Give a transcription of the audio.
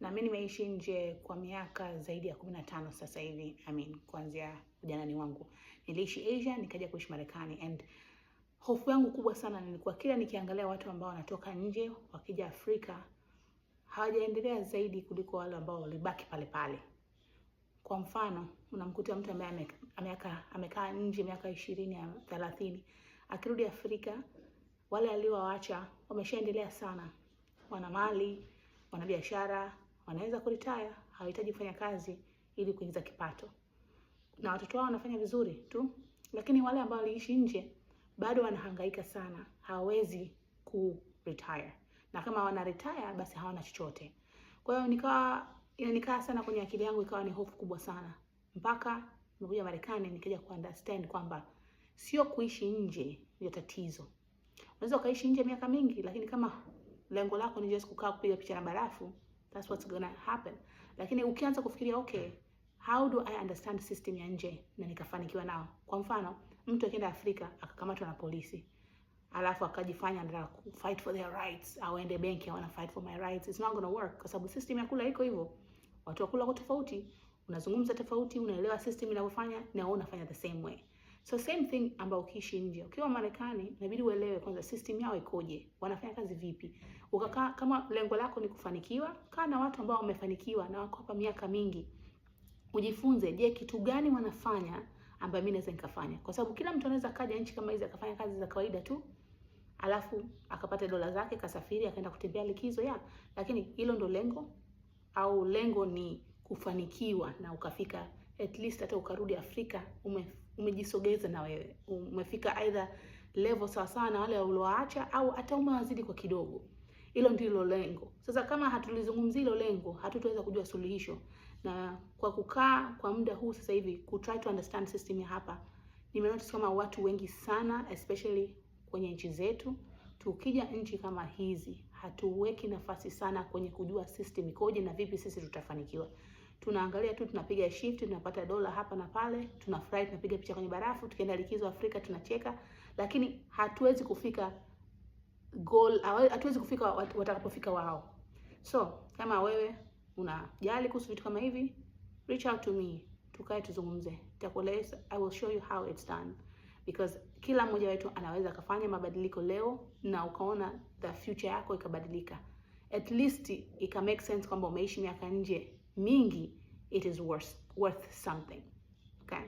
na mimi nimeishi nje kwa miaka zaidi ya kumi na tano sasa hivi. I mean, kuanzia ujanani wangu niliishi Asia, nikaja kuishi Marekani and hofu yangu kubwa sana nilikuwa kila nikiangalia watu ambao wanatoka nje wakija Afrika hawajaendelea zaidi kuliko wale ambao walibaki pale pale. Kwa mfano, unamkuta mtu ambaye ameka amekaa nje miaka ishirini thelathini, akirudi Afrika, wale aliowaacha wameshaendelea sana, wana mali, wana biashara wanaweza kuritaya, hawahitaji kufanya kazi ili kuingiza kipato, na watoto wao wanafanya vizuri tu. Lakini wale ambao waliishi nje bado wanahangaika sana, hawawezi ku retire, na kama wana retire basi hawana chochote. Kwa hiyo nikawa inanikaa sana kwenye akili yangu, ikawa ni hofu kubwa sana mpaka nimekuja Marekani nikaja ku understand kwamba sio kuishi nje ndio tatizo. Unaweza ukaishi nje miaka mingi, lakini kama lengo lako ni just kukaa kupiga picha na barafu That's what's gonna happen. Lakini ukianza kufikiria okay, how do I understand system ya nje na nikafanikiwa nao. Kwa mfano, mtu akienda Afrika akakamatwa na polisi alafu akajifanya anataka fight for their rights, au auende benki, wana fight for my rights. It's not gonna work kwa sababu system ya kula iko hivyo. Watu wa kula kwa tofauti, unazungumza tofauti, unaelewa system inavyofanya na wewe unafanya the same way. So same thing ambao ukiishi nje. Ukiwa Marekani, inabidi uelewe kwanza system yao ikoje, wanafanya kazi vipi. Ukakaa kama lengo lako ni kufanikiwa, kaa na watu ambao wamefanikiwa na wako hapa miaka mingi. Ujifunze, je, kitu gani wanafanya ambayo mimi naweza nikafanya? Kwa sababu kila mtu anaweza kaja nchi kama hizi akafanya kazi za kawaida tu, alafu akapata dola zake, kasafiri, akaenda kutembea likizo ya. Lakini hilo ndo lengo au lengo ni kufanikiwa na ukafika at least hata ukarudi Afrika ume, umejisogeza na wewe umefika either level sawa sawa na wale uliowaacha au hata umewazidi kwa kidogo. Hilo ndilo lengo. Sasa kama hatulizungumzi hilo lengo, hatutaweza kujua suluhisho. Na kwa kukaa kwa muda huu sasa hivi ku try to understand system ya hapa, nimenotice kama watu wengi sana especially kwenye nchi zetu, tukija nchi kama hizi hatuweki nafasi sana kwenye kujua system ikoje na vipi sisi tutafanikiwa tunaangalia tu, tunapiga shift, tunapata dola hapa na pale, tunafurahi, tunapiga picha kwenye barafu, tukienda likizo Afrika tunacheka, lakini hatuwezi kufika goal, hatuwezi kufika watakapofika wao. So kama wewe unajali kuhusu vitu kama hivi, reach out to me, tukae tuzungumze, nitakueleza. I will show you how it's done because kila mmoja wetu anaweza akafanya mabadiliko leo na ukaona the future yako ikabadilika, at least ika make sense kwamba umeishi miaka nje Meaning, it is worth, worth something, okay?